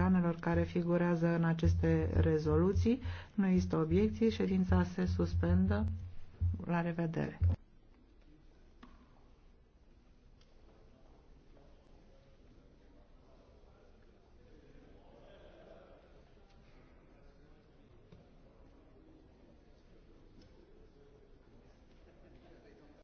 americanelor care figurează în aceste rezoluții. Nu există obiecții, ședința se suspendă. La revedere!